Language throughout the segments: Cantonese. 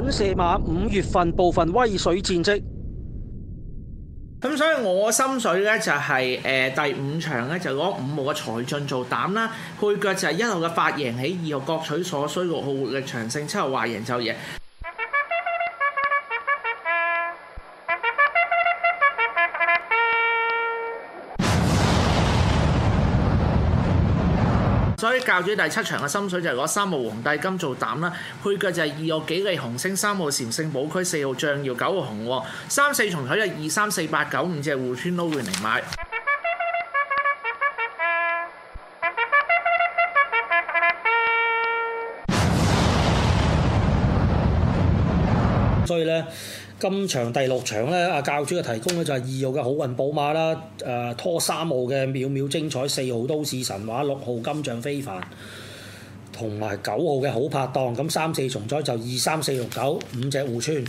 品射馬五月份部分威水戰績，咁所以我心水呢就係誒第五場呢，就攞五號嘅財進做膽啦，配腳就係一號嘅發型，起， 二號各取所需，六號活力長勝，七號話贏就贏。所以教主第七場嘅心水就係攞三號皇帝金做膽啦，配腳就係二號幾利紅星、三號禪聖寶區、四號象耀、九號紅，三四重彩啊，二三四八九五隻互穿撈會嚟買。所以呢。今場第六場呢，阿教主嘅提供咧就係二號嘅好運寶馬啦，誒拖三號嘅妙妙精彩，四號都市神話，六號金像非凡，同埋九號嘅好拍檔，咁三四重彩就二三四六九五隻互串。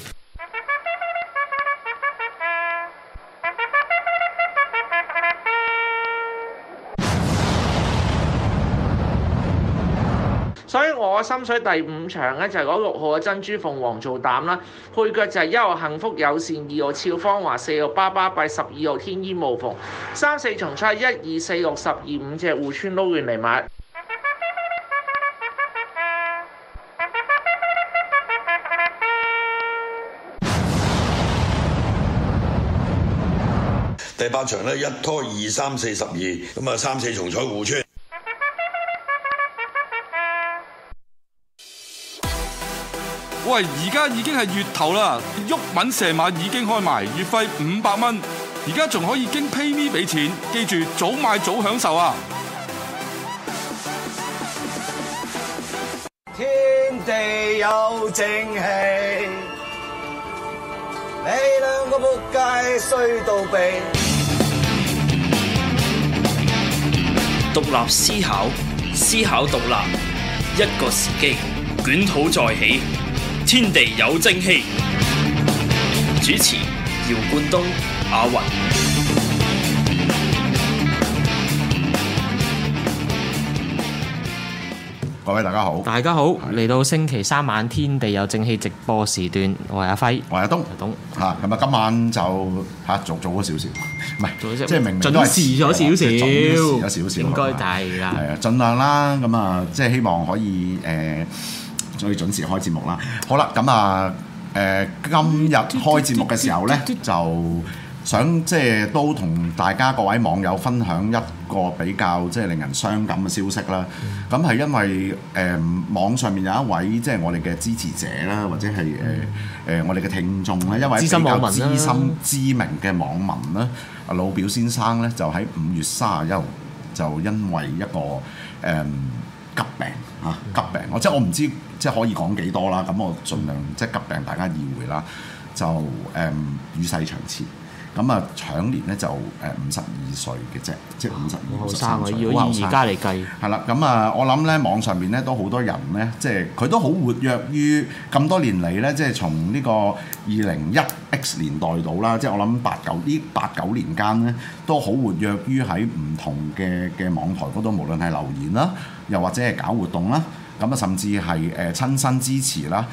我心水第五場呢，就係、是、嗰六號嘅珍珠鳳凰做膽啦，配腳就係一號幸福友善，二號俏芳華，四號巴巴閉，十二號天衣無縫，三四重彩，一二四六十二五隻互串撈完嚟買。第八場呢，一拖二三四十二咁啊，三四重彩互串。喂，而家已經係月頭啦，沃敏射馬已經開埋，月費五百蚊，而家仲可以經 pay me 俾錢，記住早買早享受啊！天地有正氣，你兩個仆街衰到痹！嗯、獨立思考，思考獨立，一個時機，捲土再起。天地有正氣。主持：姚冠東、阿云。各位大家好，大家好，嚟是到星期三晚天地有正氣直播時段，我係阿輝，我係阿東，東吓董，咁啊今晚就吓做做咗少少，唔係即係盡力都係遲咗少少，遲咗少少，應該大啦，係啊，盡量啦，咁啊，即係希望可以誒。呃所以準時開節目啦。好啦，咁啊，誒、呃、今日開節目嘅時候呢，就想即係都同大家各位網友分享一個比較即係令人傷感嘅消息啦。咁係、嗯、因為誒、呃、網上面有一位即係、就是、我哋嘅支持者啦，或者係誒誒我哋嘅聽眾咧，一位比較資深知名嘅網民啦，民啊、老表先生呢，就喺五月三十一號就因為一個誒。呃即係我唔知，即係可以講幾多啦。咁我盡量、嗯、即係急病大家意會啦。就誒、嗯、與世長辭。咁啊，搶年咧就誒五十二歲嘅啫，即係五十二、五十三歲。如果以而家嚟計，係啦。咁啊，我諗咧網上面咧都好多人咧，即係佢都好活躍於咁多年嚟咧，即係從呢個二零一 X 年代到啦。即係我諗八九呢八九年間咧，都好活躍於喺唔同嘅嘅網台嗰度，無論係留言啦，又或者係搞活動啦。咁啊，甚至係誒、呃、親身支持啦，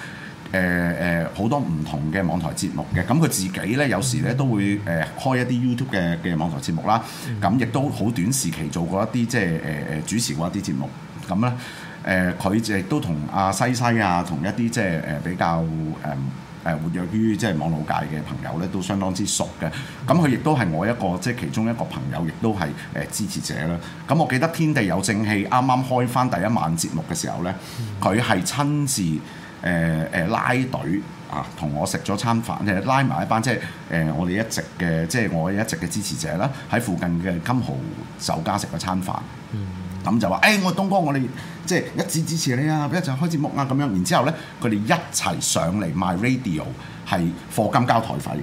誒誒好多唔同嘅網台節目嘅。咁佢自己咧，有時咧都會誒開、呃、一啲 YouTube 嘅嘅網台節目啦。咁、啊、亦都好短時期做過一啲即係誒誒主持過一啲節目。咁咧誒，佢、呃、亦都同阿西西啊，同一啲即係誒比較誒。呃誒活躍於即係網絡界嘅朋友咧，都相當之熟嘅。咁佢亦都係我一個即係、就是、其中一個朋友，亦都係誒支持者啦。咁我記得天地有正氣啱啱開返第一晚節目嘅時候咧，佢係親自誒誒、呃、拉隊啊，同我食咗餐飯，拉埋一班即係誒我哋一直嘅即係我一直嘅支持者啦，喺附近嘅金豪酒家食咗餐飯。嗯咁就話，誒、哎，我東哥，我哋即係一致支持你啊！一齊開節目啊咁樣，然之後咧，佢哋一齊上嚟 MyRadio，係課金交台費嘅。誒、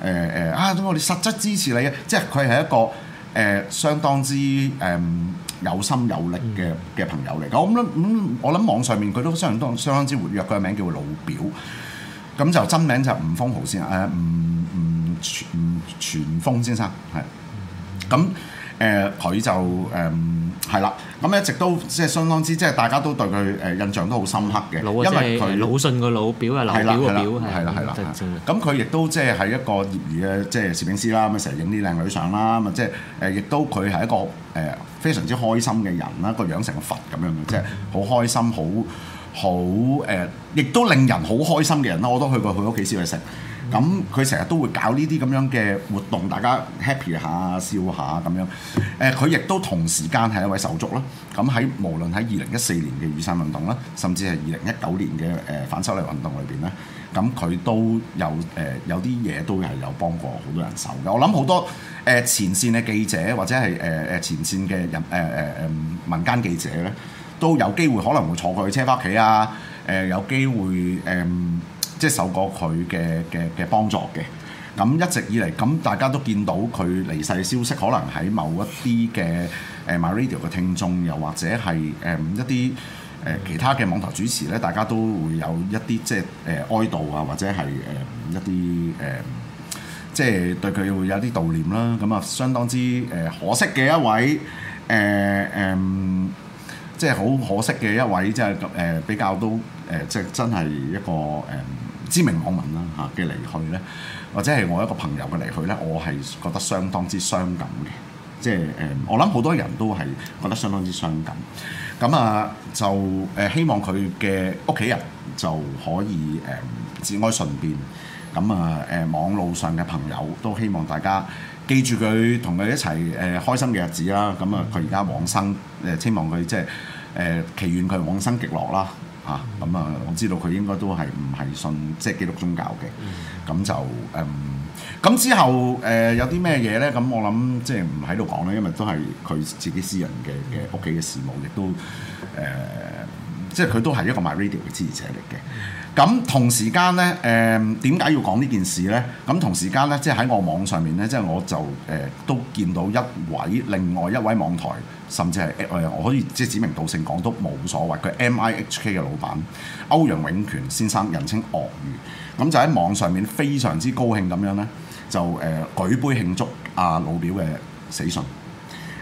呃、誒，啊，咁我哋實質支持你啊！即係佢係一個誒、呃、相當之誒、嗯、有心有力嘅嘅朋友嚟。咁、嗯、咁，我諗網上面佢都相當相當之活躍。佢嘅名叫老表，咁就真名就吳風豪先生，誒、呃，吳吳傳傳峰先生係。咁誒，佢、呃、就誒。嗯係啦，咁一直都即係、就是、相當之，即係大家都對佢誒印象都好深刻嘅，老就是、因為佢魯迅個老表啊，老表個表係啦係啦，咁佢亦都即係係一個業餘嘅即係攝影師啦，咁成日影啲靚女相啦，咁啊即係誒，亦、就是、都佢係一個誒非常之開心嘅人啦，個樣成個佛咁樣嘅，即係好開心，好好誒，亦都令人好開心嘅人啦，我都去過佢屋企先去食。咁佢成日都會搞呢啲咁樣嘅活動，大家 happy 下、笑下咁樣。誒、呃，佢亦都同時間係一位手足啦。咁、啊、喺無論喺二零一四年嘅雨傘運動啦，甚至係二零一九年嘅誒、呃、反修例運動裏邊咧，咁、啊、佢都有誒、呃、有啲嘢都係有幫過好多人手嘅。我諗好多誒、呃、前線嘅記者或者係誒誒前線嘅人誒誒誒民間記者咧，都有機會可能會坐佢車返屋企啊！誒、呃，有機會誒。呃即係受過佢嘅嘅嘅幫助嘅，咁一直以嚟，咁大家都見到佢離世嘅消息，可能喺某一啲嘅誒 MyRadio 嘅聽眾，又或者係誒、呃、一啲誒、呃、其他嘅網台主持咧，大家都會有一啲、呃呃呃呃呃呃、即係誒哀悼啊，或者係誒一啲誒即係對佢會有啲悼念啦。咁啊，相當之誒可惜嘅一位誒誒，即係好可惜嘅一位，即係誒、呃、比較都誒、呃、即係真係一個誒。呃知名網民啦嚇嘅離去咧，或者係我一個朋友嘅離去咧，我係覺得相當之傷感嘅。即係誒，我諗好多人都係覺得相當之傷感。咁啊，就誒希望佢嘅屋企人就可以誒節哀順變。咁啊誒網路上嘅朋友都希望大家記住佢，同佢一齊誒開心嘅日子啦。咁啊，佢而家往生誒，希望佢即係誒祈願佢往生極樂啦。嚇咁啊！我知道佢應該都係唔係信即係基督宗教嘅，咁就誒咁、嗯、之後誒、呃、有啲咩嘢咧？咁我諗即係唔喺度講啦，因為都係佢自己私人嘅嘅屋企嘅事務，亦都誒、呃、即係佢都係一個 MyRadio 嘅支持者嚟嘅。咁同時間咧，誒點解要講呢件事咧？咁同時間咧，即喺我網上面咧，即係我就誒、呃、都見到一位另外一位網台，甚至係誒、呃、我可以即係指名道姓講都冇所謂，佢 MIHK 嘅老闆歐陽永權先生，人稱鱷魚，咁就喺網上面非常之高興咁樣咧，就誒、呃、舉杯慶祝阿、啊、老表嘅死訊。誒、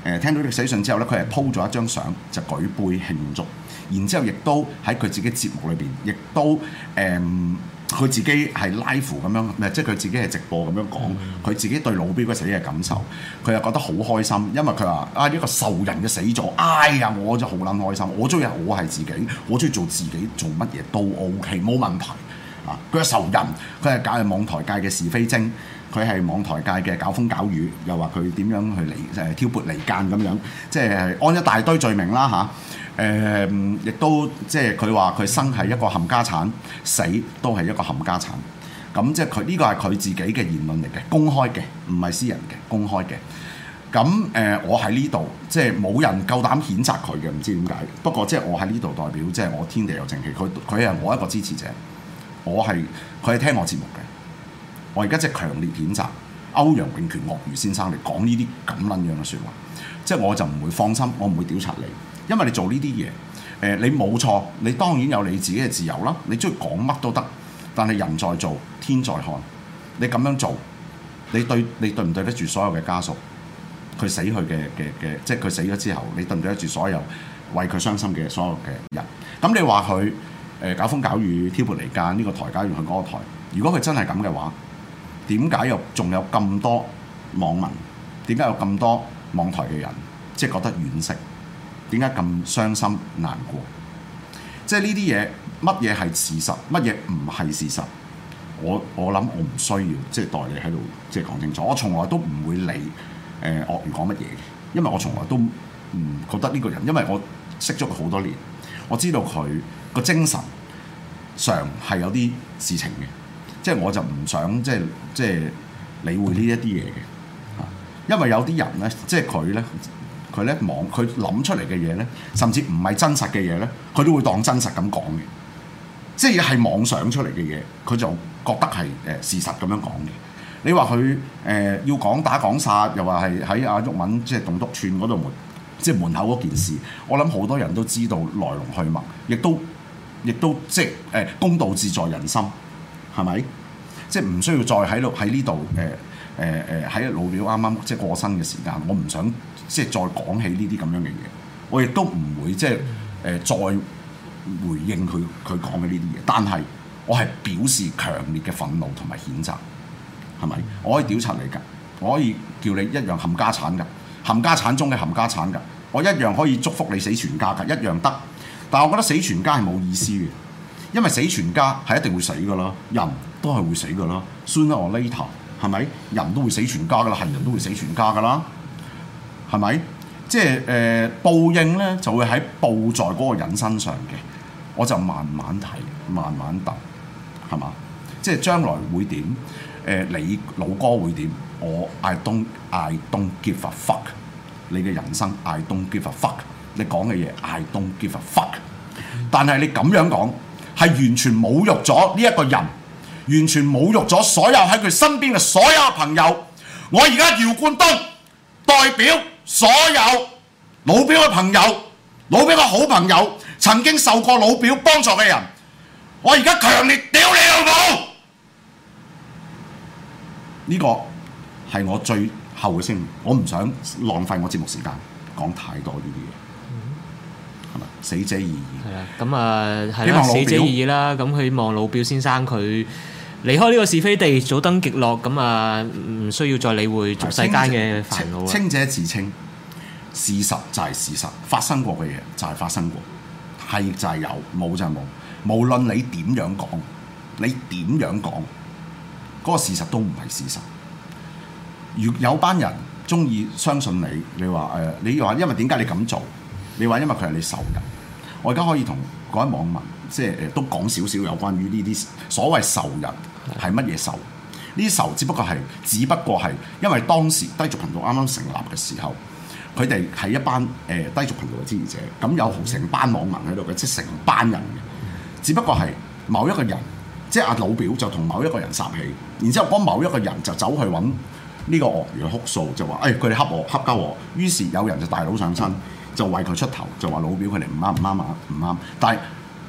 呃、聽到啲死訊之後咧，佢係 po 咗一張相就舉杯慶祝。然之後，亦都喺佢自己節目裏邊，亦都誒，佢、嗯、自己係 live 咁樣，唔即係佢自己係直播咁樣講，佢 自己對老表嗰時嘅感受，佢又覺得好開心，因為佢話啊呢、這個仇人嘅死咗，哎呀我就好撚開心，我中意我係自己，我中意做自己做乜嘢都 OK 冇問題啊！佢係仇人，佢係搞係網台界嘅是非精。佢係網台界嘅搞風搞雨，又話佢點樣去離誒、呃、挑撥離間咁樣，即係安一大堆罪名啦吓，誒、啊嗯、亦都即係佢話佢生係一個冚家產，死都係一個冚家產。咁、嗯、即係佢呢個係佢自己嘅言論嚟嘅，公開嘅，唔係私人嘅，公開嘅。咁、嗯、誒、呃，我喺呢度即係冇人夠膽譴責佢嘅，唔知點解。不過即係我喺呢度代表，即、就、係、是、我天地有正氣，佢佢係我一個支持者，我係佢係聽我節目嘅。我而家即係強烈譴責歐陽永權鱷魚先生嚟講呢啲咁撚樣嘅説話，即係我就唔會放心，我唔會調查你，因為你做呢啲嘢，誒、呃、你冇錯，你當然有你自己嘅自由啦，你中意講乜都得，但係人在做，天在看，你咁樣做，你對你對唔對得住所有嘅家屬？佢死去嘅嘅嘅，即係佢死咗之後，你對唔對得住所有為佢傷心嘅所有嘅人？咁你話佢誒搞風搞雨、挑撥離間呢個台搞完去嗰個台，如果佢真係咁嘅話，點解又仲有咁多網民？點解有咁多網台嘅人即係覺得惋惜？點解咁傷心難過？即係呢啲嘢乜嘢係事實，乜嘢唔係事實？我我諗我唔需要即係代理喺度即係講清楚。我從來都唔會理誒我唔講乜嘢嘅，因為我從來都唔覺得呢個人，因為我識咗佢好多年，我知道佢個精神上係有啲事情嘅。即係我就唔想即係即係理會呢一啲嘢嘅，因為有啲人咧，即係佢咧，佢咧網佢諗出嚟嘅嘢咧，甚至唔係真實嘅嘢咧，佢都會當真實咁講嘅。即係係妄想出嚟嘅嘢，佢就覺得係誒事實咁樣講嘅。你話佢誒要講打講殺，又話係喺阿毓民即係棟篤串嗰度門，即係門口嗰件事，我諗好多人都知道來龍去脈，亦都亦都即係誒公道自在人心。係咪？即係唔需要再喺度喺呢度誒誒誒喺老表啱啱即係過身嘅時間，我唔想即係再講起呢啲咁樣嘅嘢。我亦都唔會即係誒、呃、再回應佢佢講嘅呢啲嘢。但係我係表示強烈嘅憤怒同埋譴責。係咪？我可以屌柒你㗎，我可以叫你一樣冚家鏟㗎，冚家鏟中嘅冚家鏟㗎，我一樣可以祝福你死全家㗎，一樣得。但係我覺得死全家係冇意思嘅。因為死全家係一定會死噶啦，人都係會死噶啦。Sooner or later，係咪人都會死全家噶啦？係人都會死全家噶啦，係咪？即係誒、呃、報應咧，就會喺報在嗰個人身上嘅。我就慢慢睇，慢慢揼，係嘛？即係將來會點？誒、呃，你老哥會點？我 I don't, I don't give a fuck. 你嘅人生，I don't give a fuck. 你講嘅嘢，I don't give a fuck 但。但係你咁樣講。係完全侮辱咗呢一個人，完全侮辱咗所有喺佢身邊嘅所有朋友。我而家姚冠東代表所有老表嘅朋友、老表嘅好朋友、曾經受過老表幫助嘅人，我而家強烈屌你老母！呢個係我最後嘅聲明，我唔想浪費我節目時間講太多呢啲嘢。死者而已。係啦吧，咁啊，係死者而已啦。咁希、嗯、望老表先生佢離開呢個是非地，麼早登極樂。咁啊，唔需要再理會俗世間嘅煩惱。清者自清，事實就係事實，發生過嘅嘢就係發生過，係就係有，冇就冇。無論你點樣講，你點樣講，嗰、那個事實都唔係事實。如有班人中意相信你，你話誒，你話因為點解你咁做？你話因為佢係你仇人，我而家可以同各位網民即係、呃、都講少少有關於呢啲所謂仇人係乜嘢仇？呢仇只不過係只不過係因為當時低俗頻道啱啱成立嘅時候，佢哋係一班誒、呃、低俗頻道嘅支持者，咁、嗯、有成班網民喺度嘅，即係成班人嘅。只不過係某一個人，即係阿老表就同某一個人撒氣，然之後嗰某一個人就走去揾呢個鱷魚哭訴，就話誒佢哋恰我恰交我，於是有人就大佬上身。就為佢出頭，就話老表佢哋唔啱唔啱啊唔啱！但係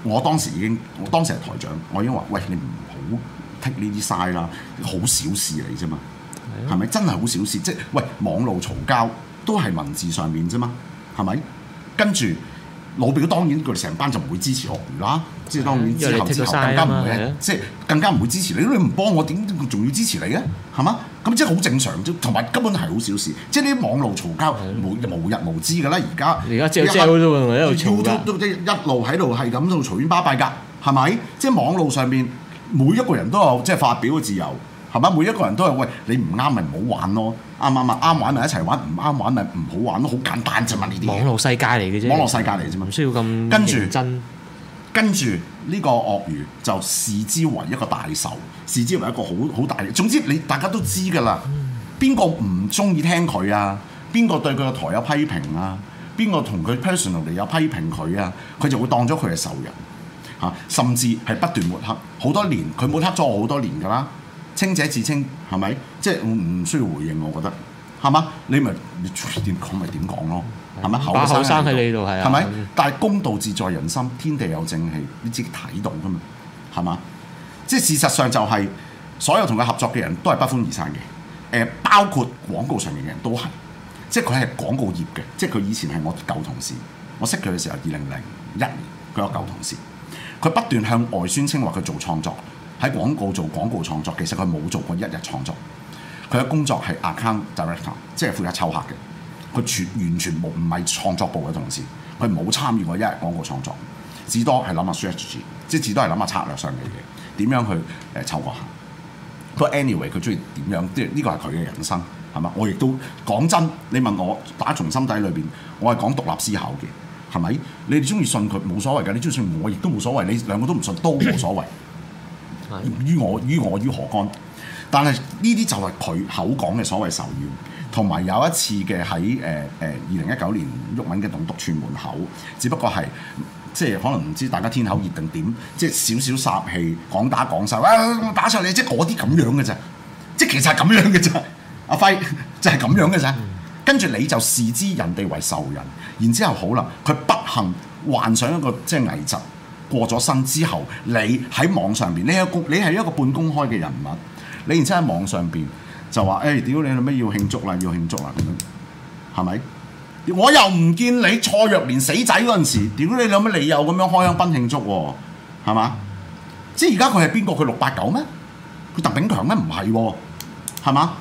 我當時已經，我當時係台長，我已經話：喂，你唔好剔呢啲晒啦，好小事嚟啫嘛，係咪、啊、真係好小事？即係喂，網路嘈交都係文字上面啫嘛，係咪？跟住老表，當然佢哋成班就唔會支持樂兒啦。啊、即係當然之後之後，更加唔會咧，即係、啊、更加唔會支持你，因為你唔幫我，點仲要支持你嘅？係嘛？咁即係好正常啫，同埋根本係好小事。即係啲網路嘈交，無的無日無之噶啦。而家而家即係即係喺度一路喺度係咁喺度隨便巴閉㗎，係咪？即係網路上面，每一個人都有即係發表嘅自由，係咪？每一個人都有：「喂，你唔啱咪唔好玩咯。啱啱啊？啱玩咪一齊玩，唔啱玩咪唔好玩咯。好簡單啫嘛，呢啲。網絡世界嚟嘅啫。網絡世界嚟嘅啫嘛，唔需要咁認真著？跟住。呢個鱷魚就視之為一個大仇，視之為一個好好大。總之你大家都知㗎啦，邊個唔中意聽佢啊？邊個對佢個台有批評啊？邊個同佢 personally 有批評佢啊？佢就會當咗佢係仇人嚇、啊，甚至係不斷抹黑。好多年，佢抹黑咗我好多年㗎啦，清者自清係咪？即係唔需要回應，我覺得係嘛？你咪你點講咪點講咯？係咪把口生喺你度係？係咪？但係公道自在人心，天地有正氣，你自己睇到㗎嘛？係嘛？即係事實上就係、是、所有同佢合作嘅人都係不歡而散嘅。誒、呃，包括廣告上面嘅人都係，即係佢係廣告業嘅，即係佢以前係我舊同事，我識佢嘅時候二零零一年，佢係舊同事。佢不斷向外宣稱話佢做創作，喺廣告做廣告創作，其實佢冇做過一日創作。佢嘅工作係 account director，即係負責抽客嘅。佢全完全冇唔係創作部嘅同事，佢冇參與過一日廣告創作，至多係諗下 strategy，即係至多係諗下策略上嘅嘢，點樣去誒湊個客。不過 anyway，佢中意點樣，即係呢個係佢嘅人生，係嘛？我亦都講真，你問我打從心底裏邊，我係講獨立思考嘅，係咪？你哋中意信佢冇所謂㗎，你中意信我亦都冇所謂，你兩個都唔信都冇所謂， 於我於我，於我，於何幹？但係呢啲就係佢口講嘅所謂仇怨。同埋有一次嘅喺誒誒二零一九年毓民嘅棟篤傳門口，只不過係即係可能唔知大家天口熱定點，即係少少殺氣講打講殺啊打錯你，即係嗰啲咁樣嘅啫，即係其實係咁樣嘅啫。阿輝就係、是、咁樣嘅啫，跟住、嗯、你就視之人哋為仇人，然之後好啦，佢不幸患上一個即係危疾，過咗身之後，你喺網上邊，你係你係一,一個半公開嘅人物，你然之後喺網上邊。就話誒，屌、欸、你有咩要慶祝啦？要慶祝啦咁樣，係咪？我又唔見你錯若連死仔嗰陣時，屌你有乜理由咁樣開香檳慶祝喎、啊？係嘛？即而家佢係邊個？佢六八九咩？佢鄧炳強咩？唔係喎？係嘛？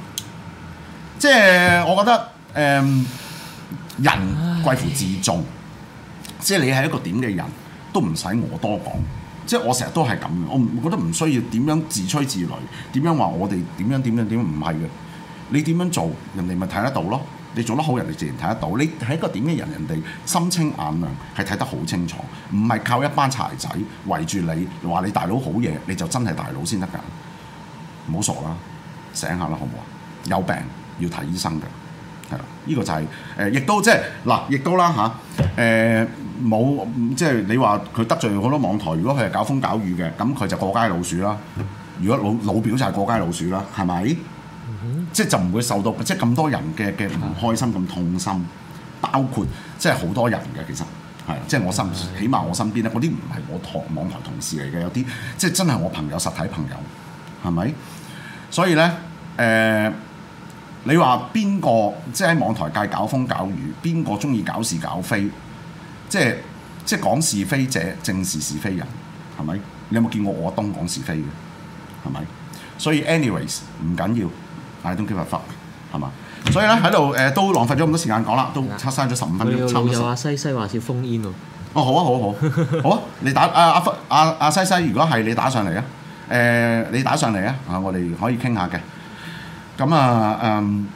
即我覺得誒、呃，人貴乎自重，唉即你係一個點嘅人，都唔使我多講。即係我成日都係咁嘅，我唔覺得唔需要點樣自吹自擂，點樣話我哋點樣點樣點樣唔係嘅。你點樣做，人哋咪睇得到咯。你做得好，人哋自然睇得到。你係一個點嘅人，人哋心清眼亮，係睇得好清楚。唔係靠一班柴仔圍住你話你大佬好嘢，你就真係大佬先得㗎。唔好傻啦，醒下啦，好唔好啊？有病要睇醫生嘅。係啦，依個就係誒，亦都即係嗱，亦都啦吓，誒冇即係你話佢得罪好多網台，如果佢係搞風搞雨嘅，咁佢就過街老鼠啦。如果老老表就係過街老鼠啦，係咪？Mm hmm. 即係就唔會受到即係咁多人嘅嘅唔開心咁痛心，包括即係好多人嘅其實係即係我身，mm hmm. 起碼我身邊咧嗰啲唔係我哋網台同事嚟嘅，有啲即係真係我朋友，實體朋友係咪？所以咧誒。呃你話邊個即係喺網台界搞風搞雨？邊個鍾意搞事搞非？即係即係講是非者，正是是非人，係咪？你有冇見過我東講是非嘅？係咪？所以，anyways 唔緊要，I don't give a fuck，係嘛？ 所以咧喺度誒都浪費咗咁多時間講啦，都拆散咗十五分鐘，抽得有阿、啊、西西還是封煙喎？哦，好啊，好啊，好啊，好啊， 你打阿阿阿西西，如果係你打上嚟啊，誒、呃、你打上嚟啊，啊我哋可以傾下嘅。咁啊，嗯，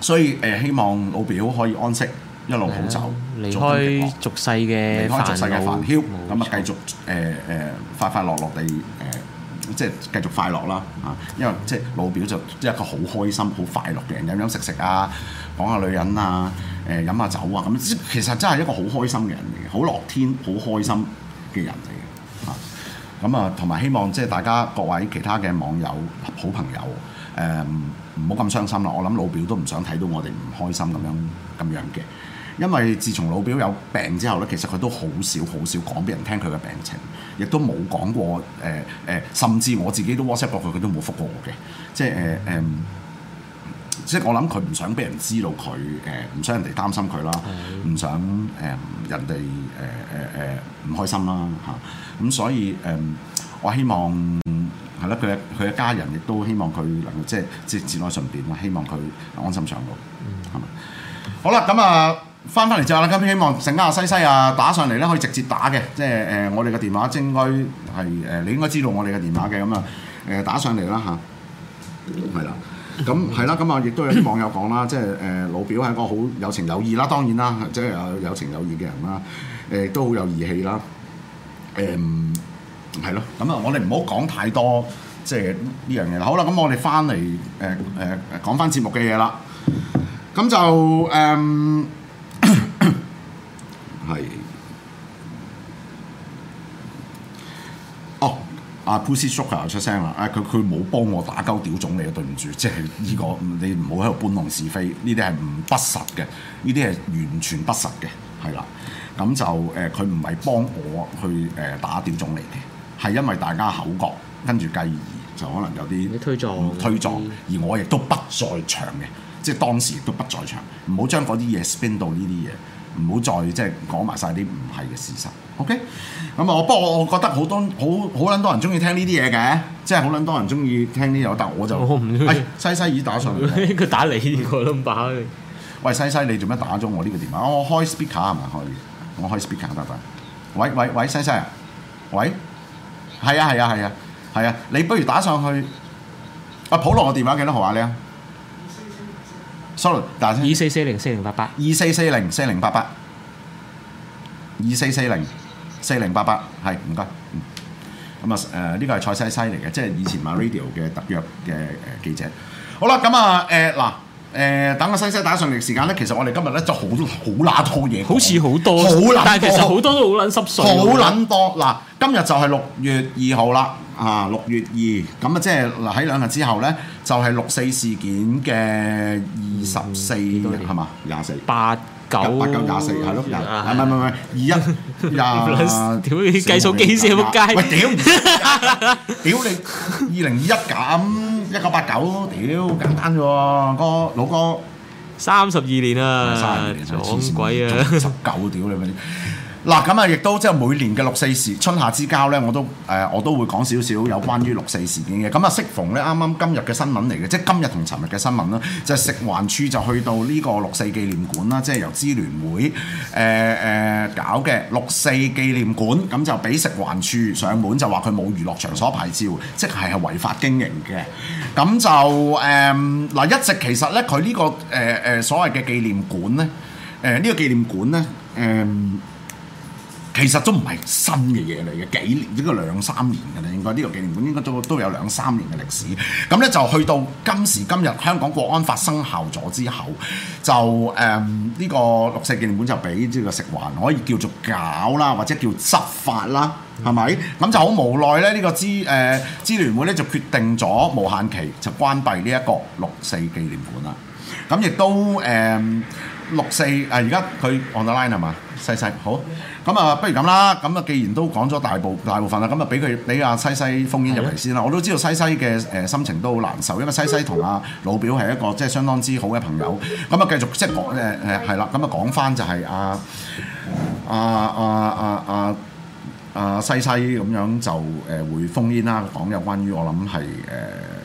所以誒、呃，希望老表可以安息，一路好走，啊、離開俗世嘅煩囂，咁啊，錯繼續誒誒、呃呃，快快樂樂地誒、呃，即係繼續快樂啦，啊，因為即係老表就即係一個好開心、好快樂嘅人，飲飲食食啊，講下女人啊，誒、呃、飲下酒啊，咁其實真係一個好開心嘅人嚟嘅，好樂天、好開心嘅人嚟嘅，啊，咁啊，同埋希望即係大家各位其他嘅網友、好朋友，誒、嗯。唔好咁傷心啦，我諗老表都唔想睇到我哋唔開心咁樣咁樣嘅，因為自從老表有病之後咧，其實佢都好少好少講俾人聽佢嘅病情，亦都冇講過誒誒、呃，甚至我自己都 WhatsApp 過佢，佢都冇覆過我嘅，即係誒誒，即係我諗佢唔想俾人知道佢誒，呃、唔想人哋擔心佢啦，mm. 唔想誒、呃、人哋誒誒誒唔開心啦嚇，咁、啊、所以誒、呃，我希望。係咯，佢嘅佢嘅家人亦都希望佢能夠即係即係節哀順變，咯，希望佢安心上路。係嘛？好啦，咁啊翻翻嚟之後啦，咁希望成家西西啊打上嚟啦，可以直接打嘅，即係誒、呃、我哋嘅電話，應該係誒、呃、你應該知道我哋嘅電話嘅咁啊，誒、呃、打上嚟啦吓，係啦，咁係啦，咁啊亦都有啲網友講啦，即係誒老表係一個好有情有義啦，當然啦，即係有有情有義嘅人啦，誒、呃、都好有義氣啦，誒、嗯。係咯，咁啊，我哋唔好講太多，即係呢樣嘢啦。好啦，咁我哋翻嚟誒誒講翻節目嘅嘢啦。咁就誒，係、呃。是哦，阿 Pussy Soccer 又出聲啦！啊，佢佢冇幫我打鳩屌總理嘅，對唔住，即係呢、這個你唔好喺度搬弄是非，呢啲係唔不實嘅，呢啲係完全不實嘅，係啦。咁就誒，佢唔係幫我去誒、呃、打屌總理。嘅。係因為大家口角，跟住繼而就可能有啲推撞，推撞而我亦都不在場嘅，即係當時亦都不在場，唔好將嗰啲嘢 spin 到呢啲嘢，唔好再即係講埋晒啲唔係嘅事實。OK，咁啊，不過我我覺得好多好好撚多人中意聽呢啲嘢嘅，即係好撚多人中意聽呢啲嘢，但我就我唔、哎、西西耳打上嚟佢、哎、打， 打你個 number，喂，西西，你做咩打咗我呢個電話？我開 speaker 係咪開？我開 speaker，拜拜。喂喂喂，西西，西、啊，喂。喂喂係啊係啊係啊係啊！你不如打上去。阿、啊、普羅我電話幾多號啊你啊？sorry，打聲。二四四零四零八八。二四四零四零八八。二四四零四零八八，係唔該。嗯。咁啊誒呢個係蔡西西嚟嘅，即係以前 MyRadio 嘅特約嘅誒記者。好啦，咁啊誒嗱。呃誒，等個西西打上嚟時間咧，其實我哋今日咧就好好乸套嘢，好似好多，但係其實好多都好撚濕碎，好撚多。嗱，今日就係六月二號啦，啊，六月二，咁啊，即係嗱喺兩日之後咧，就係六四事件嘅二十四日係嘛，廿四，八九，八九廿四，係咯，唔係唔係二一廿，屌你計數幾少撲街？屌你二零二一減。一九八九，屌簡單啫喎，哥老哥，三十二年啊，我唔鬼啊，十九屌你咪。 嗱，咁啊，亦都即係每年嘅六四時，春夏之交呢，我都誒、呃，我都會講少少有關於六四事件嘅。咁啊，適逢呢啱啱今，今日嘅新聞嚟嘅，即係今日同尋日嘅新聞啦，就係、食環署就去到呢個六四紀念館啦，即係由支聯會誒誒、呃、搞嘅六四紀念館，咁就俾食環署上門，就話佢冇娛樂場所牌照，即係係違法經營嘅。咁就誒嗱、呃，一直其實呢，佢呢、呢個誒誒、呃、所謂嘅紀念館呢，誒、呃、呢、呢個紀念館呢。誒、呃。其實都唔係新嘅嘢嚟嘅，幾年應該兩三年㗎啦，應該呢個紀念館應該都都有兩三年嘅歷史。咁呢就去到今時今日，香港國安法生效咗之後，就誒呢、嗯呢個六四紀念館就俾呢個食環可以叫做搞啦，或者叫執法啦，係咪？咁就好無奈呢。呢、呢個支誒、呃、支聯會呢就決定咗無限期就關閉呢一個六四紀念館啦。咁亦都誒。嗯六四啊！而家佢 online 係嘛？西西好咁啊，不如咁啦。咁啊，既然都講咗大部大部分啦，咁啊，俾佢俾阿西西封煙入嚟先啦。的我都知道西西嘅誒、呃、心情都好難受，因為西西同阿老表係一個即係、就是、相當之好嘅朋友。咁啊，繼續即係講誒誒係啦。咁啊，講返就係啊，啊啊啊啊，啊，西西咁樣就誒會封煙啦。講有關於我諗係誒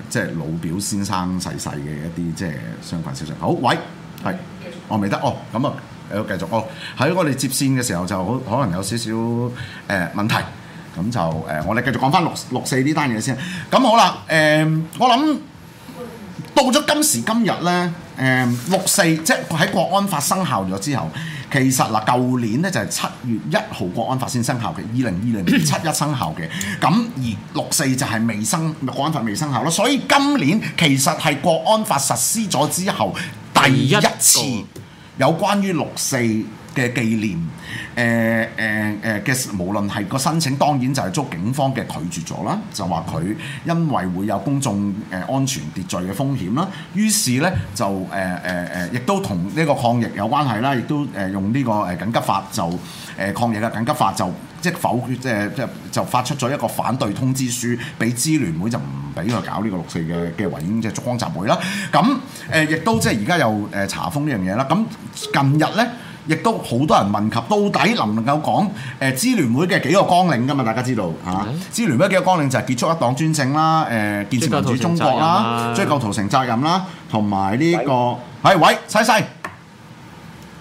即係老表先生逝世嘅一啲即係相關消息。好，喂，係。我未得哦，咁啊，要繼續哦。喺我哋接線嘅時候就可能有少少誒、呃、問題，咁就誒、呃、我哋繼續講翻六六四呢單嘢先。咁好啦，誒、呃、我諗到咗今時今日呢，誒、呃、六四即係喺國安法生效咗之後，其實嗱舊年呢就係七月一號國安法先生效嘅，二零二零年七一生效嘅，咁 而六四就係未生、國安法未生效咯，所以今年其實係國安法實施咗之後第一次。有關於六四嘅紀念，誒誒誒嘅，無論係個申請，當然就係遭警方嘅拒絕咗啦，就話佢因為會有公眾誒安全秩序嘅風險啦，於是咧就誒誒誒，亦都同呢個抗疫有關係啦，亦都誒用呢個誒緊急法就誒抗疫嘅緊急法就。呃即否決，即係就發出咗一個反對通知書，俾支聯會就唔俾佢搞呢個六四嘅嘅維園即係燭光集會啦。咁誒亦都即係而家又誒查封呢樣嘢啦。咁近日呢，亦都好多人問及到底能唔能夠講誒、呃、支聯會嘅幾個綱領㗎嘛？大家知道嚇，啊啊、支聯會嘅幾個綱領就係結束一黨專政啦、誒、呃、建設民主中國啦、追究屠城責任啦、啊，同埋呢個係喂，細細。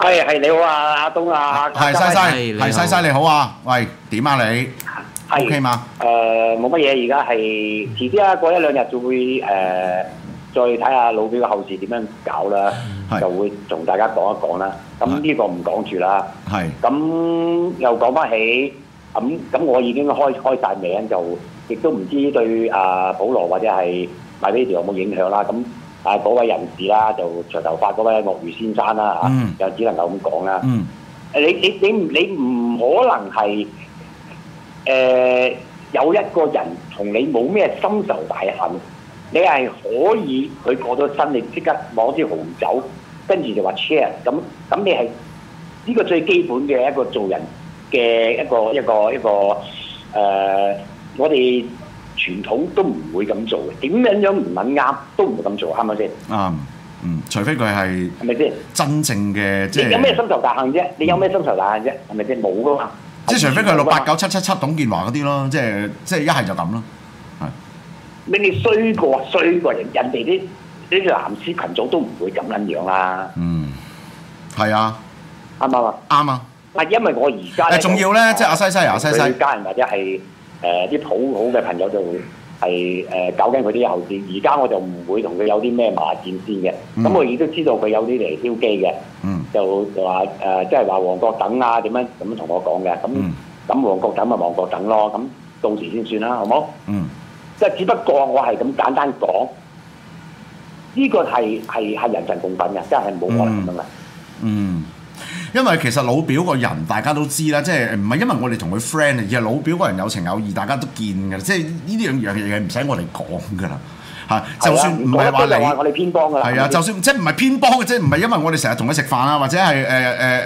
係係你好啊，阿東啊，係西西，係西西你好啊，喂，點啊你？OK 嘛？誒，冇乜嘢，而家係遲啲啊，過一兩日就會誒、呃，再睇下老表嘅後事點樣搞啦，就會同大家講一講啦。咁呢個唔講住啦。係。咁又講翻起，咁、嗯、咁我已經開開晒名，就亦都唔知對阿保羅或者係 MyRadio 有冇影響啦。咁。啊，嗰位人士啦，就長頭髮嗰位鱷魚先生啦，嚇、mm. 啊，就只能夠咁講啦。Mm. 你你你你唔可能係誒、呃、有一個人同你冇咩深仇大恨，你係可以佢過咗身，你即刻攞支紅酒，跟住就話 share、嗯。咁、嗯、咁你係呢個最基本嘅一個做人嘅一個一個一個誒、呃，我哋。傳統都唔會咁做嘅，點樣樣唔揾啱都唔會咁做，啱唔啱先？啱、啊，嗯，除非佢係，係咪先？真正嘅即係。就是、你有咩深仇大恨啫？嗯、你有咩深仇大恨啫？係咪先？冇噶嘛。即係除非佢係六八九七七七董建華嗰啲咯，即係即係一係就咁咯，係。你你衰過衰過人哋啲啲藍絲群組都唔會咁撚樣啦。嗯，係、嗯嗯、啊，啱唔啱？啱啊。啊，因為我而家咧，仲、哎、要咧，即係阿西西、阿西西，家人或者係。誒啲土好嘅朋友就係、是、誒、呃、搞緊佢啲後事，而家我就唔會同佢有啲咩馬戰先嘅。咁我亦都知道佢有啲嚟挑機嘅，就話誒即係話黃國等啊點樣咁同我講嘅，咁咁黃國等咪黃國等咯，咁到時先算啦，好冇？嗯，即係只不過我係咁簡單講，呢、這個係係係人神共憤嘅，真係冇可能咁樣嘅，嗯。因為其實老表個人大家都知啦，即係唔係因為我哋同佢 friend 而係老表個人有情有義，大家都見嘅，即係呢啲樣樣嘢係唔使我哋講噶啦，嚇，對啊、就算唔係話你，是是我哋偏幫㗎，啊，就算，就算即係唔係偏幫嘅，即係唔係因為我哋成日同佢食飯啊，或者係誒誒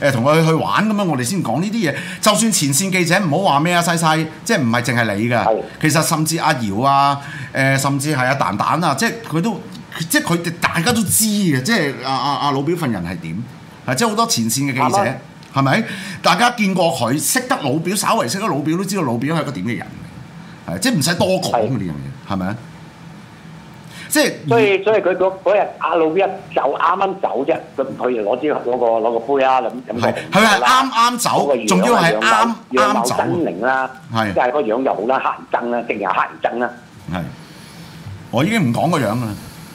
誒誒同佢去玩咁樣，我哋先講呢啲嘢。就算前線記者唔好話咩啊，曬曬，即係唔係淨係你㗎，是其實甚至阿姚啊，誒、呃、甚至係阿蛋蛋啊，即係佢都即係佢哋大家都知嘅，即係阿阿阿老表份人係點。係，即係好多前線嘅記者，係咪嗎？大家見過佢，識得老表，稍為識得老表都知道老表係一個點嘅人嚟。即係唔使多講呢樣嘢，係咪即係。所以所以佢嗰日阿老表一就啱啱走啫，咁佢就攞支攞個攞個杯啊咁咁個。佢係啱啱走。仲要係啱啱走。仲要係啱啱係。即係個樣又好啦，黑人憎啦，成日黑人憎啦。係是。我已經唔講個樣啦，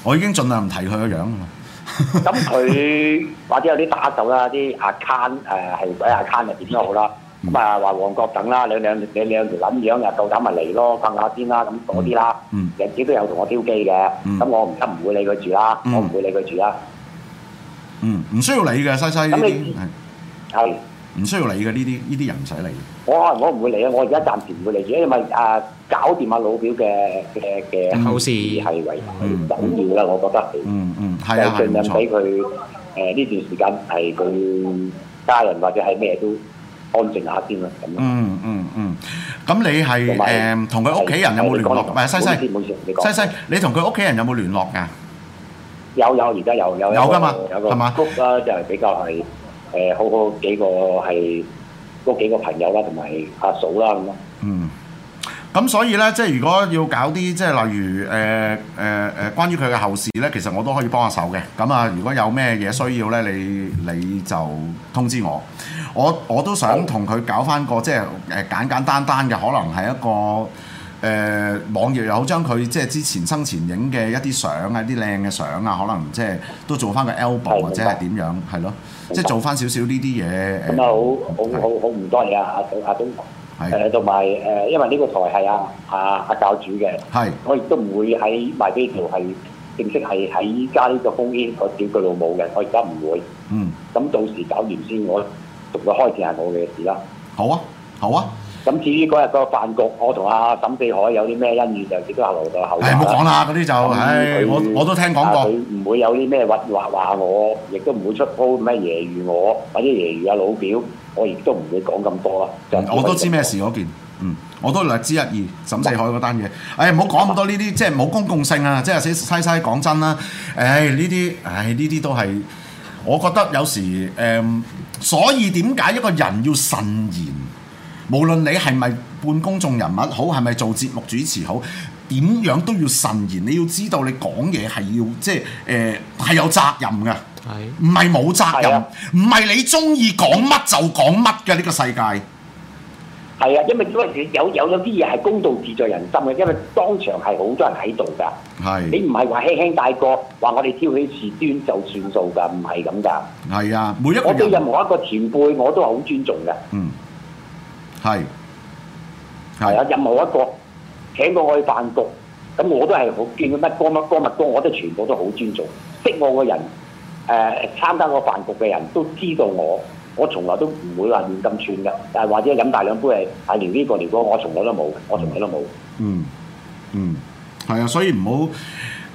我已經盡量唔提佢個樣啦。 咁佢或者有啲打手啦，啲阿 account 誒係鬼阿 account 入邊都好啦。咁啊，話旺角等啦，兩兩兩兩條撚樣又夠膽咪嚟咯，瞓下先啦，咁躲啲啦。日子都有同我挑機嘅。咁我唔得唔會理佢住啦，我唔會理佢住啦。嗯，唔、嗯嗯嗯嗯、需要理嘅西西。咁你唔需要理嘅，呢啲呢啲人唔使理。我我唔會理啊！我而家暫時唔會理，而家你咪啊搞掂啊老表嘅嘅嘅後事係為緊要啦，我覺得。嗯嗯，係啊，正確。有信任俾佢，誒呢段時間係佢家人或者係咩都安靜下先啦，咁樣。嗯嗯嗯，咁你係誒同佢屋企人有冇聯絡？唔係西西，西西，你同佢屋企人有冇聯絡㗎？有有，而家有有有個，係嘛？復啦，就係比較係。誒，好好幾個係嗰幾個朋友啦，同埋阿嫂啦咁咯。嗯，咁所以呢，即係如果要搞啲即係例如誒誒誒，關於佢嘅後事呢，其實我都可以幫下手嘅。咁啊，如果有咩嘢需要呢，你你就通知我。我我都想同佢搞翻個即係誒簡簡單單嘅，可能係一個誒、呃、網頁又好，將佢即係之前生前影嘅一啲相啊，啲靚嘅相啊，可能即係都做翻個 album 或者係點樣，係咯的。即係做翻少少呢啲嘢，咁啊、嗯嗯、好，好好好唔該啊，阿、啊、阿、啊、東。係是。誒、呃，同埋誒，因為呢個台係阿阿阿教主嘅。係是。我亦都唔會喺埋呢條係正式係喺依家呢個風險，我屌佢老母嘅，我而家唔會。嗯。咁到時搞完先，我做個開線係冇嘅事啦。好啊，好啊。咁至於嗰日個飯局，我同阿沈四海有啲咩恩怨，就亦都係留台口。啦、哎。係冇講啦，嗰啲就唉，嗯哎、我我都聽講過。唔、啊、會有啲咩話話話我，亦都唔會出鋪咩嘢怨我，或者嘢怨阿老表，我亦都唔會講咁多啦、嗯。我都知咩事嗰件，嗯，我都略知一二。沈四海嗰單嘢，唉我，唔好講咁多呢啲，即係冇公共性啊！即係西西西，講真啦、啊，唉、哎，呢啲唉，呢、哎、啲都係，我覺得有時誒、嗯，所以點解一個人要慎言？無論你係咪半公眾人物好，係咪做節目主持好，點樣都要慎言。你要知道你要，你講嘢係要即係誒，係、呃、有責任嘅，唔係冇責任，唔係、啊、你中意講乜就講乜嘅呢個世界。係啊，因為因為有有有啲嘢係公道自在人心嘅，因為當場係好多人喺度㗎。係、啊、你唔係話輕輕帶過，話我哋挑起事端就算數㗎，唔係咁㗎。係啊，每一個我對任何一個前輩我都係好尊重嘅。嗯。係係啊！任何一個請我去飯局，咁我都係好見佢乜哥乜哥乜哥，我都全部都好尊重。識我嘅人誒、呃，參加個飯局嘅人都知道我，我從來都唔會話亂咁串㗎。誒，或者飲大兩杯係係連呢個連嗰個我從來都冇，我從來都冇、嗯。嗯嗯，係啊，所以唔好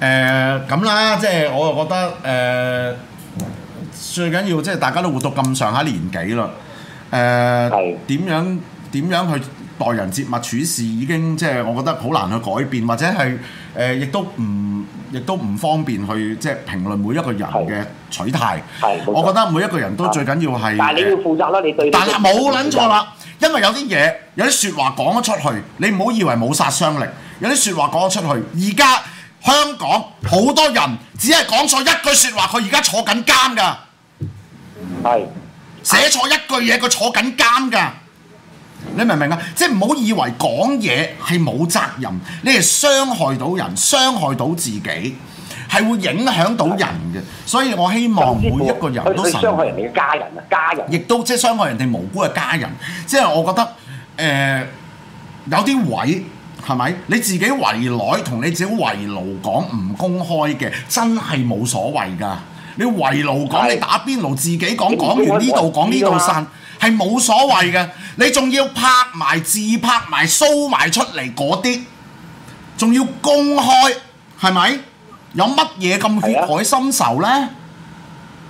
誒咁啦。即係我又覺得誒、呃、最緊要即係、就是、大家都活到咁上下年紀啦。誒、呃、點樣，點樣去待人接物、處事已經即係我覺得好難去改變，或者係誒、呃、亦都唔亦都唔方便去即係評論每一個人嘅取態。我覺得每一個人都最緊要係，但係你要負責啦，你對你但。是但係冇撚錯啦，因為有啲嘢有啲説話講咗出去，你唔好以為冇殺傷力。有啲説話講咗出去，而家香港好多人只係講錯一句説話，佢而家坐緊監㗎。係是寫錯一句嘢，佢坐緊監㗎。是你明唔明啊？即係唔好以為講嘢係冇責任，你係傷害到人、傷害到自己，係會影響到人嘅。的所以我希望每一個人都審。佢傷害人哋嘅家人啊，家人。亦都即係傷害人哋無辜嘅家人，即係我覺得誒、呃、有啲位，係咪？你自己圍內同你自己圍爐講唔公開嘅，真係冇所謂㗎。你圍爐講，的你打邊爐，自己講的講完呢度講呢度散。係冇所謂嘅，你仲要拍埋自拍埋、show 埋出嚟嗰啲，仲要公開係咪？有乜嘢咁血海深仇呢？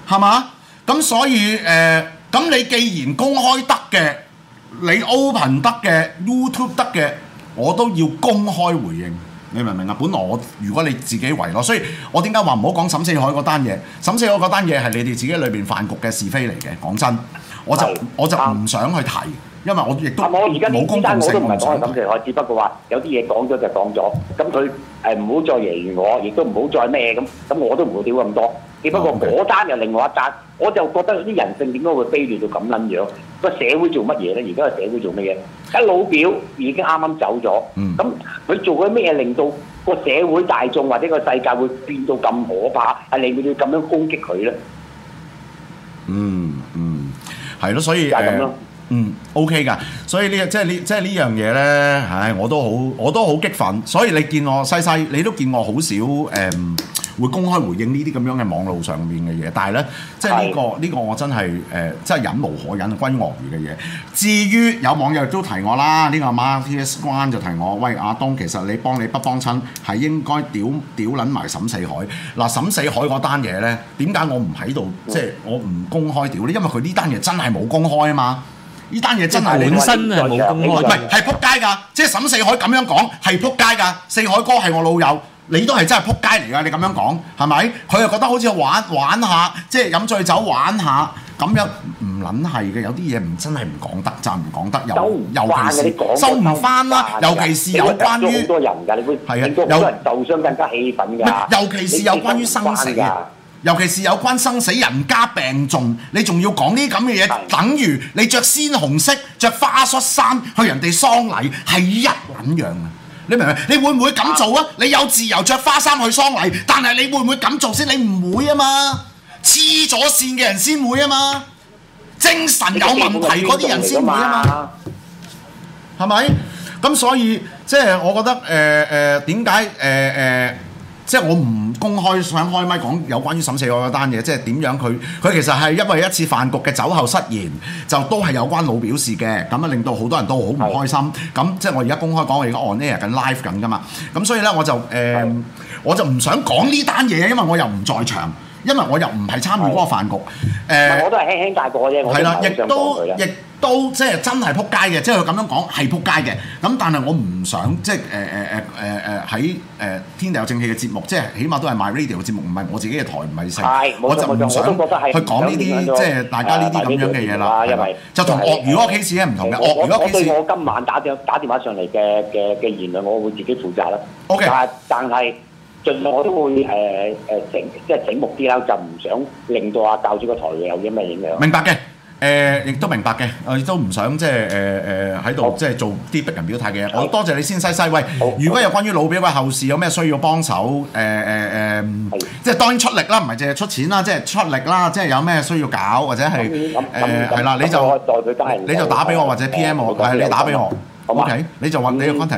係嘛？咁所以誒，咁、呃、你既然公開得嘅，你 open 得嘅、YouTube 得嘅，我都要公開回應。你明唔明啊？本來我如果你自己為咯，所以我點解話唔好講沈四海嗰單嘢？沈四海嗰單嘢係你哋自己裏邊飯局嘅是非嚟嘅，講真。我就是我就唔想去提，因為我亦都、嗯、我而家冇私隱我都唔係講係咁嘅，我只不過話有啲嘢講咗就講咗。咁佢誒唔好再贏我，亦都唔好再咩咁。咁我都唔會屌咁多。只不過嗰單又另外一單，我就覺得啲人性點解會卑劣到咁撚樣？個社會做乜嘢咧？而家個社會做乜嘢？一老表已經啱啱走咗，咁佢做咗咩令到個社會大眾或者個世界會變到咁可怕？啊，你會要咁樣攻擊佢咧、嗯？嗯。係咯，所以係咁咯，嗯，OK 㗎，所以呢，即係呢，即係呢樣嘢咧，唉，我都好，我都好激憤。所以你見我細細，你都見我好少誒。嗯會公開回應呢啲咁樣嘅網路上面嘅嘢，但係呢，即係呢、這個呢是個我真係誒，即、呃、係忍無可忍，關於鱷魚嘅嘢。至於有網友都提我啦，呢、這個阿 Mark T S 關就提我，喂阿東，其實你幫你不幫親，係應該屌屌撚埋沈四海。嗱，沈四海嗰單嘢咧，點解我唔喺度？哦、即係我唔公開屌咧，因為佢呢單嘢真係冇公開啊嘛。呢單嘢真係本身係冇公開，唔係係撲街㗎。即係沈四海咁樣講係撲街㗎。四海哥係我老友。你都係真係仆街嚟㗎，你咁樣講係咪？佢又覺得好似玩玩下，即係飲醉酒玩下咁樣唔撚係嘅。有啲嘢唔真係唔講得，真唔講得又尤其是收唔翻啦。尤其是有關於，係啊，有人受傷更加氣憤㗎。尤其是有關於生死，尤其是有關生死，人家病重，你仲要講啲咁嘅嘢，等於你着鮮紅色、着花恤衫去人哋喪禮係一撚樣！你明唔明？你會唔會咁做啊？你有自由着花衫去喪禮，但係你會唔會咁做先？你唔會啊嘛！黐咗線嘅人先會啊嘛！精神有問題嗰啲人先會啊嘛！係咪？咁所以即係、就是、我覺得誒誒點解誒誒？呃呃即係我唔公開想開咪講有關於沈四海嗰單嘢，即係點樣佢佢其實係因為一次飯局嘅酒後失言，就都係有關老表示嘅，咁啊令到好多人都好唔開心。咁的即係我而家公開講，我而家 on air 緊 live 緊㗎嘛。咁所以呢，我就誒，呃、的我就唔想講呢單嘢，因為我又唔在場，因為我又唔係參與嗰個飯局。誒的，呃、我都係輕輕帶過啫，的我都亦都。過都即係真係撲街嘅，即係佢咁樣講係撲街嘅。咁但係我唔想即係誒誒誒誒誒喺誒天地有正氣嘅節目，即係起碼都係 MyRadio 嘅節目，唔係我自己嘅台，唔係細，我就唔想去講呢啲即係大家呢啲咁樣嘅嘢啦。就同鱷魚個 case 一唔同嘅，鱷魚個 case，我今晚打電打電話上嚟嘅嘅嘅言論，我會自己負責啦。O K，但係盡量我都會誒誒整即係醒目啲啦，就唔想令到阿教主個台有啲咩影響。明白嘅。誒，亦都明白嘅，我亦都唔想即係誒誒喺度即係做啲逼人表態嘅嘢。我多謝你先，西西。喂，如果有關於老表位後事有咩需要幫手，誒誒誒，即係當然出力啦，唔係淨係出錢啦，即係出力啦，即係有咩需要搞或者係誒係啦，你就代佢你就打俾我或者 P. M. 我，你打俾我，OK，你就運，你就唔再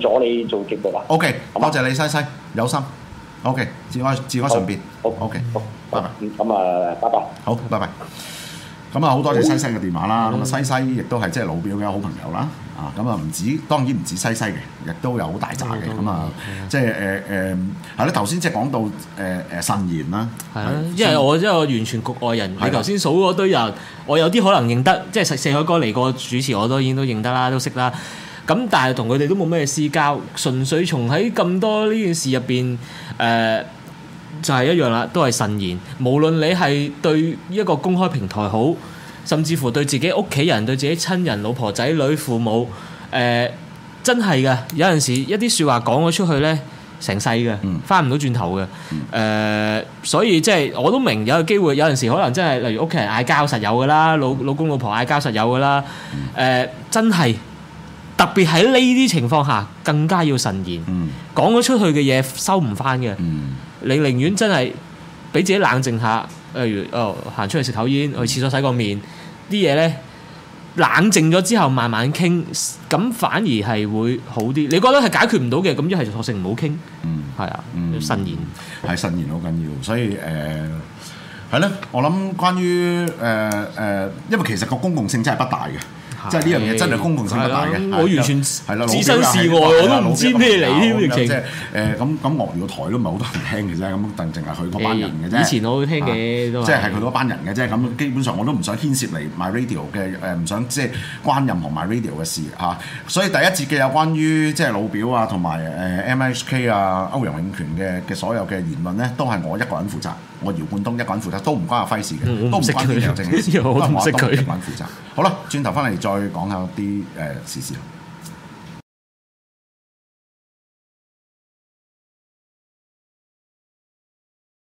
阻你做直播啦。OK，多謝你西西有心。OK，節哀節哀順便。OK，好，拜拜。咁啊，拜拜。好，拜拜。咁啊，好、嗯、多謝西西嘅電話啦。咁啊、嗯，西西亦都係即係老表嘅好朋友啦。嗯、啊，咁啊，唔止當然唔止西西嘅，亦都有好大扎嘅。咁、嗯、啊，即係誒誒，係咯。頭先即係講到誒誒慎言啦。係啊，因為我因為我完全局外人，啊、你頭先數嗰堆人，我有啲可能認得，即係四四海哥嚟過主持，我都已經都認得啦，都識啦。咁但係同佢哋都冇咩私交，純粹從喺咁多呢件事入邊誒。呃就係一樣啦，都係慎言。無論你係對一個公開平台好，甚至乎對自己屋企人、對自己親人、老婆仔女、父母，誒、呃、真係嘅有陣時一啲説話講咗出去呢，成世嘅翻唔到轉頭嘅誒、呃，所以即、就、係、是、我都明有機會有陣時可能真、就、係、是、例如屋企人嗌交實有噶啦，老老公老婆嗌交實有噶啦，誒、呃、真係。特別喺呢啲情況下，更加要慎言。講咗、嗯、出去嘅嘢收唔翻嘅。你、嗯、寧願真係俾自己冷靜下，例如哦行出去食口煙，去廁所洗個面，啲嘢、嗯、呢冷靜咗之後慢慢傾，咁反而係會好啲。你覺得係解決唔到嘅，咁一係就索性唔好傾。係啊、嗯，要慎言。係慎、嗯、言好緊要。所以誒係咧，我諗關於誒誒、呃呃，因為其實個公共性真係不大嘅。即係呢樣嘢真係公共性嘅大嘅，我完全，係啦，自身事外我都唔知咩嚟添。其實即係咁咁我哋個台都唔係好多人聽嘅啫，咁但淨係佢嗰班人嘅啫。以前我聽嘅都即係佢嗰班人嘅啫。咁基本上我都唔想牽涉嚟 MyRadio 嘅誒，唔想即係關任何 MyRadio 嘅事嚇。所以第一節嘅有關於即係老表啊同埋誒 MHK 啊歐陽永權嘅嘅所有嘅言論咧，都係我一個人負責。我姚冠東一個人負責，都唔關阿輝事嘅，嗯、都唔關佢嘅他事。 我 我都唔關我一個人負責。 好啦，轉頭翻嚟再講下啲誒時事啦。